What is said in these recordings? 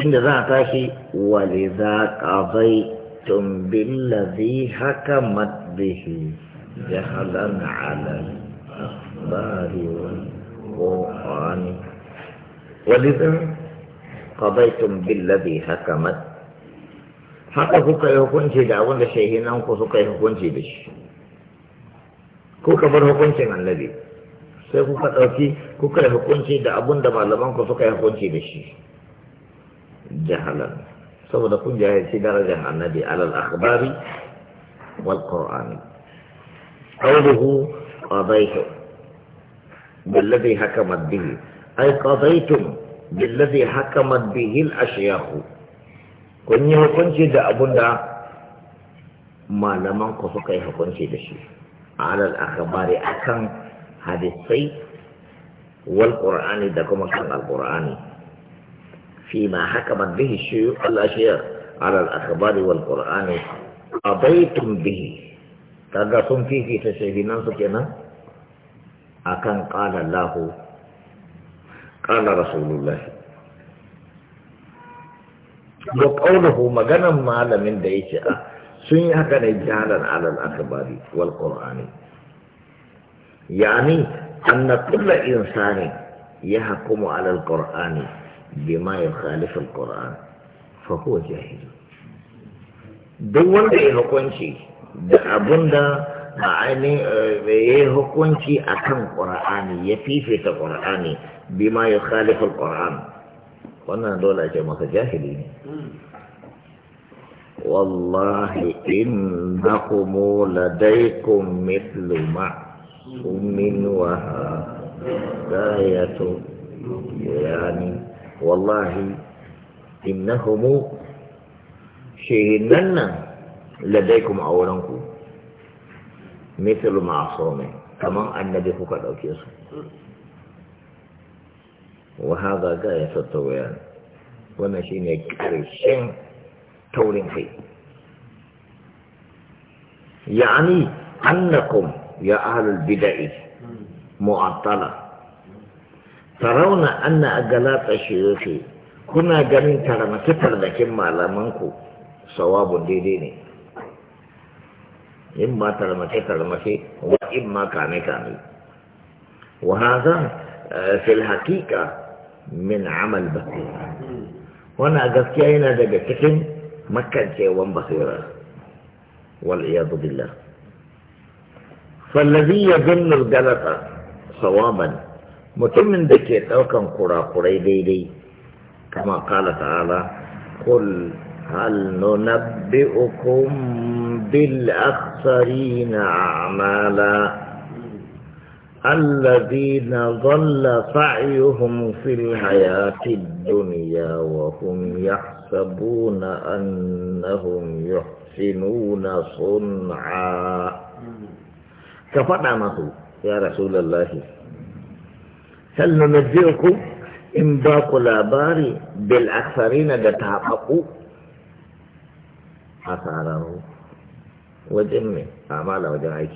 inda za a tashi wale za ƙazai tumbin lazi haka matbihi halar alal barewar ƙo'ani wale za ƙazai tumbin lazi haka mat haka kuka yi hukunci da abin da shahinan ku suka yi hukunci da shi kuka bar hukuncin annabi sai kuka ɗauki kuka yi hukunci da abin da malaman ku suka yi hukunci da shi jahalan saboda kun jahilci darajar annabi alal akhbari wal qur'ani qawluhu qadaytu billadhi hakamat bihi ay qadaytum billadhi hakamat bihi al ashyakh kun yi hukunci da abunda malaman ku suka yi hukunci da shi alal akhbari akan hadisai wal qur'ani da kuma kan al qur'ani فيما حكمت به الشيوخ الأشياء على الأخبار والقرآن قضيتم به تقصم فيه في تشهدين أنسكنا أكن قال الله قال رسول الله وقوله مغنى مال من دعيشة سنيحك نجعلا على الأخبار والقرآن يعني أن كل إنسان يحكم على القرآن بما يخالف القرآن فهو جاهل دون ده هكونشي ده أبون ده يعني ايه هكونشي أكم قرآني يفيفي قرآني بما يخالف القرآن قلنا دولة جماعة جاهلين والله إنكم لديكم مثل معصوم وهاية يعني والله إنهم شهدنا لديكم أولاكم مثل معصومين كما النبي فقد أكيس وهذا غاية الطويل ونشين كرشين تولين في يعني أنكم يا أهل البدائي معطلة tarauna anna agalata shuyukhi kuna ganin taramace tardakin malamanku sawabun daidai ne in ma tarmace tarmace wa in ma kame kame wa hadha eh, fil hakika min amal basira wannan gaskiya yana daga cikin makancewan basira wal iyadu billah fallazi yadunnu galata sawaban mutumin da ke ɗaukan kurakurai daidai kama kala ta'ala kul hal nunabbi'ukum bil akhsarina a'mala alladhina dhalla sa'yuhum fil hayati dunya wa hum yahsabuna annahum yuhsinuna sun'a ka faɗa masu ya rasulullahi هل إن باقوا لاباري بالأكثرين دتعققوا أثاره وجمي أعمال وجمعيك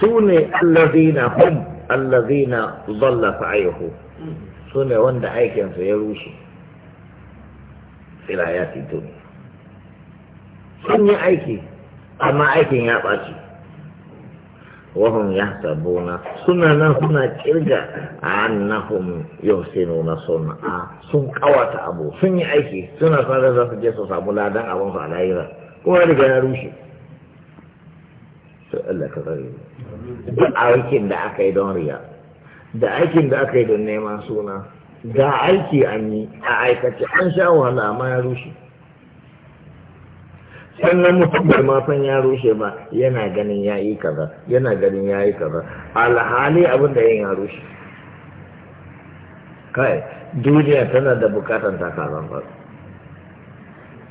سوني الذين هم الذين ضل فعيه سوني وند في سيروشي في الحياة الدنيا سوني أيكي أما أيكي يا باشي wahum yahsabuna suna nan suna kirga a annahum nuna sun'a sun kawata abu sun yi aiki suna sanar za su je su samu ladan abin su a lahira kuma riga ya rushe to Allah ka zari da aikin da aka yi don riya da aikin da aka yi don neman suna ga aiki an yi a aikace an sha wahala amma ya rushe sannan mutum bai ma san ya rushe ba yana ganin ya yi kaza yana ganin ya yi kaza alhali abin da yin ya rushe kai duniya tana da bukatan takarar ba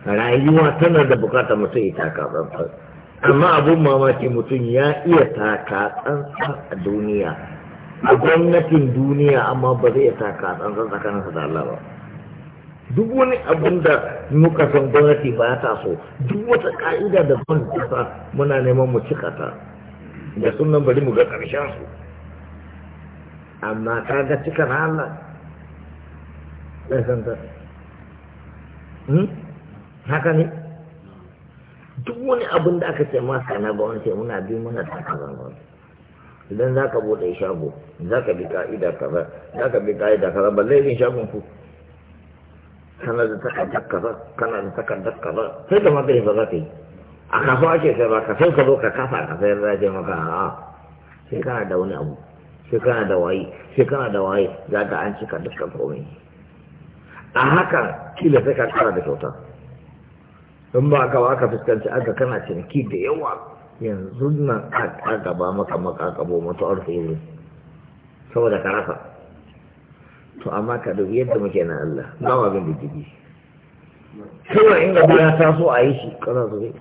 rayuwa tana da bukatan mutum ya takarar ba amma abun mamaki mutum ya iya takatsantsa a duniya a gwamnatin duniya amma ba zai taka tsantsan tsakaninsa da Allah ba duk wani abin da muka san gwamnati ba ta so duk wata ka'ida da ban ta muna neman mu cika ta da sunan bari mu ga karshen su amma ka ga cika na Allah san ta hmm? haka ne duk wani abin da aka ce masa na gwamnati muna bi muna ta kazan ba, idan za ka bude shago za ka bi ka'ida kaza za ka bi ka'ida kaza ba zai shagon ku kana da takardar kaza kana da takardar kaza sai da maganin ba za ka yi a kafa ake sai ba ka sai ka zo ka kafa ka sai za ka maka a sai kana da wani abu sai kana da waye sai kana da waye za ka an cika dukkan komai a haka kila sai ka kara da kyauta in ba ka ba ka fuskanci aka kana ciniki da yawa yanzu nan a gaba maka makakabo kabo mata arfi saboda ka rasa to amma ka dubi yadda muke na Allah ba wa ma bin sai wa in ba ya taso a yi shi kaza zube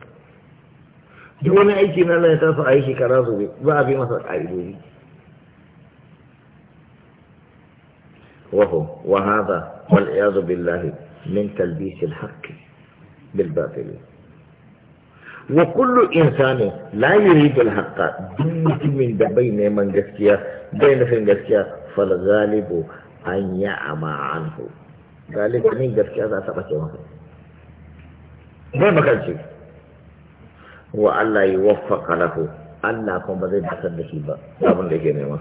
duk wani aiki na Allah ya taso a yi shi kaza zube ba a bi masa ƙa'idodi وهو وهذا والعياذ بالله من تلبيس الحق بالباطل وكل إنسان لا يريد الحق دمت من بين من جسكيا بين gaskiya fal ghalibu an ya ama anhu galibi ne gaskiya za ta bace maka zai makarci wa Allah yi waffaka lahu Allah kuma ba zai dakar da shi ba abin da yake nema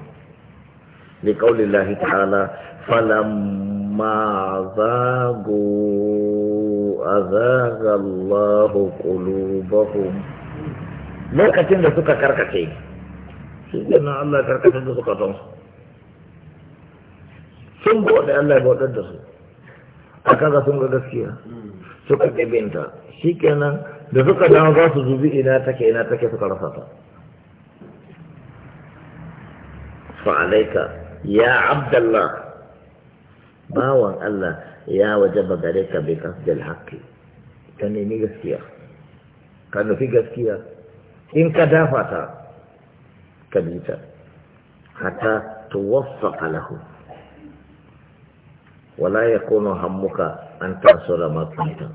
li qaulillahi ta'ala falamma zagu azaga Allah qulubahum lokacin da suka karkace shi ne Allah karkace da suka san sun bauɗe Allah ya bauɗar da su a kaga sun ga gaskiya suka ɗabinta shi kenan da suka dawo za su zubi ina take ina take suka rasa ta fa'alaika ya abdallah bawan Allah ya waje gare ka bai kasdil haƙƙi ka nemi gaskiya ka nufi gaskiya in ka dafa ta ka bi ta hatta tuwaffa lahu wala ya kono hammuka an taso da kunta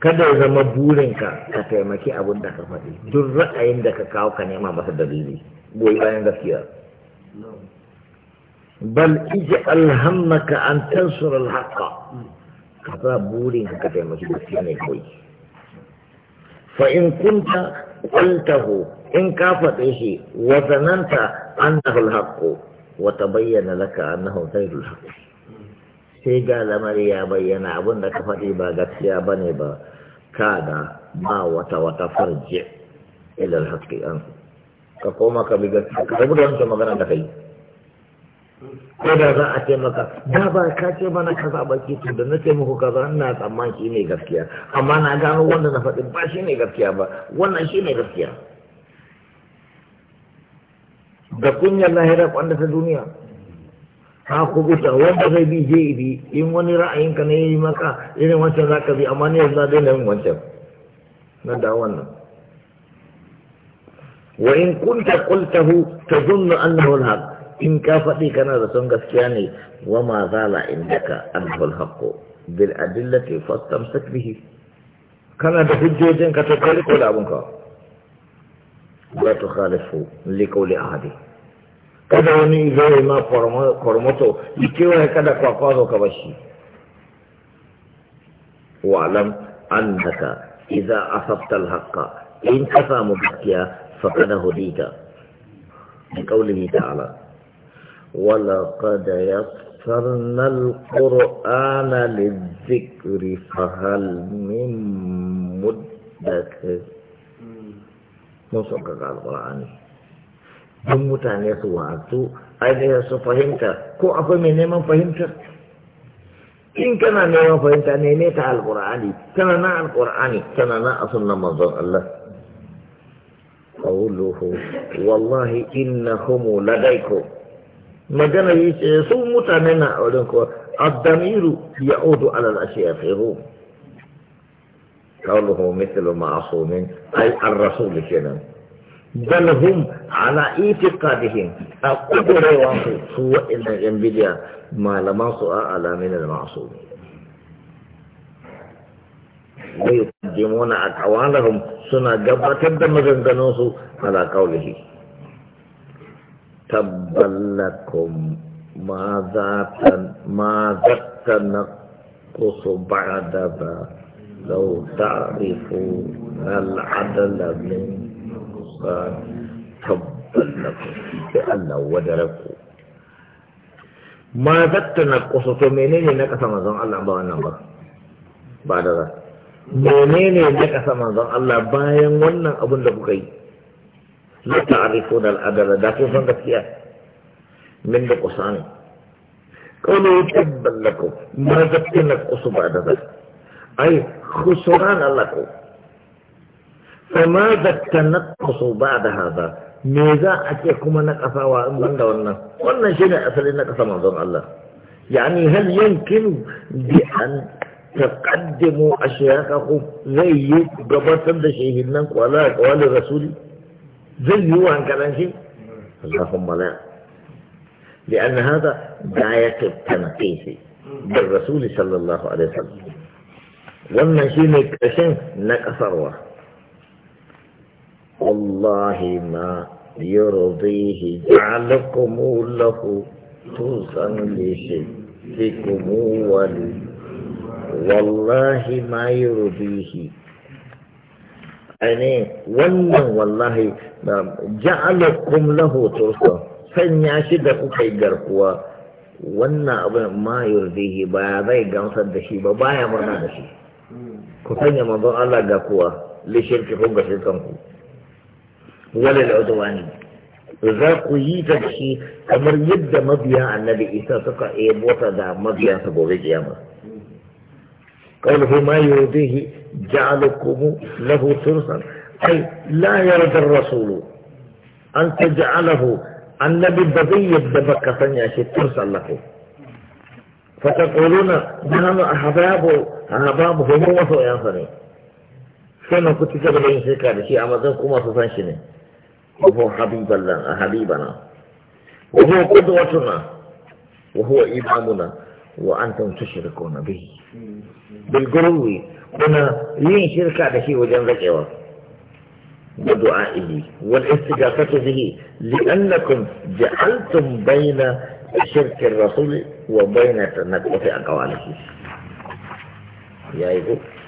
kada ya zama burinka ka taimaki abin da ka faɗi duk ra'ayin da ka kawo ka nema masa dalili goyi bayan gaskiya bal iji alhammaka an tansura alhaqa ka sa burin ka taimaki gaskiya ne kawai fa in kunta qultahu in ka faɗe shi wa zananta annahu alhaqu wa tabayyana laka annahu ghayrul haqq sai ga lamari ya bayyana abin da ka faɗi ba gaskiya ba ne ba kada ma wata wata farje ilal haske an ka koma ka bi gaskiya ka rabu da wancan magana da kai ko da za a ce maka da ba ka ce mana ka zaɓa ke to da na ce muku kaza ina tsammani shi ne gaskiya amma na gano wanda na faɗi ba shi ne gaskiya ba wannan shi ne gaskiya da kunyar lahirar kwanda ta duniya ka kubuta wanda zai bi je bi in wani ra'ayinka ne yi maka irin wancan za ka bi amma ne yanzu na daina yin wancan na da wannan wa in kunta qultahu tazunnu annahu al-haq in ka faɗi kana da son gaskiya ne wa ma zala indaka annahu al-haq bil adillati fastamsak bihi kana da hujjojin ka ta kai ko da abun ka la tukhalifu li qawli ahadin kada wani zai ma kormoto ya kada kwakwazo ka bashi wa'alam annaka idza asabta al-haqqa in ka samu gaskiya faqad hudita bi qawlihi ta'ala wala qad yassarna al-qur'ana lidh-dhikri fahal min muddakir mun sauƙaƙa al-qur'ani don mutane su wa'azu ainihin su fahimta ko akwai mai neman fahimtar in kana neman fahimta ne ne ta alkur'ani kana na alkur'ani kana na a sunan manzon Allah qawluhu wallahi innahum ladayku magana yace su mutane na auren ko ad ya'udu ala al-ashiyafihu qawluhu mithlu ma'sumin ay ar-rasul بل هم على اعتقادهم القدر وانسوا سوء إن ينبديا ما لما سوء على من المعصوم ويقدمون أقوالهم سنة جبرة دمجن جنوسوا على قوله تبا لكم ماذا تن ماذا تنقص بعد ذا لو تعرفون العدل من ma zatta na بأن to menene na قصة manzon Allah ba wannan ba ba da za menene na kasa manzon Allah bayan wannan abin da kuka yi la ta'rifu da adala da kun san gaskiya min da kusan qawlu tabballakum ma zakkina ba da ai khusran Allah ko فماذا تنقص بعد هذا ماذا أتيكم نقص وأمن دولنا وأن شيء أصل نقص منظر الله يعني هل يمكن بأن تقدموا أشياخكم زي شيء منك ولا أقوال الرسول زي هو عن كلام شيء اللهم لا لأن هذا غاية التنقيس بالرسول صلى الله عليه وسلم وأن شيء نقص نقص والله ما يرضيه جعلكم له توسا لشدكم ولي والله ما يرضيه أني ولا والله جعلكم له توسا sanya shi da kuka yi garkuwa wannan abin ma yurdihi ba zai gamsar da shi ba baya murna da shi ku sanya manzon Allah ga kuwa lishirki kun ga shirkan ku وللعدوان za ku yi ta da shi kamar yadda mabiya annabi isa suka ebota da mabiya sa gobe kiyama قوله ما يرضيه جعلكم له ترسا أي لا يرد الرسول أن تجعله النبي بذي يبدبك سنياشي ترسا له فتقولون نحن أحباب أحباب هموة وصو يا سني سنة كنت تبدأ شيء لشي كما ذنكم وهو حبيب لنا حبيبنا وهو قدوتنا وهو إمامنا وأنتم تشركون به بالقروة هنا لين شركة به وجنبك إيوه ودعائه والاستغاثة به لأنكم جعلتم بين شرك الرسول وبين تنقف أقواله يا إبو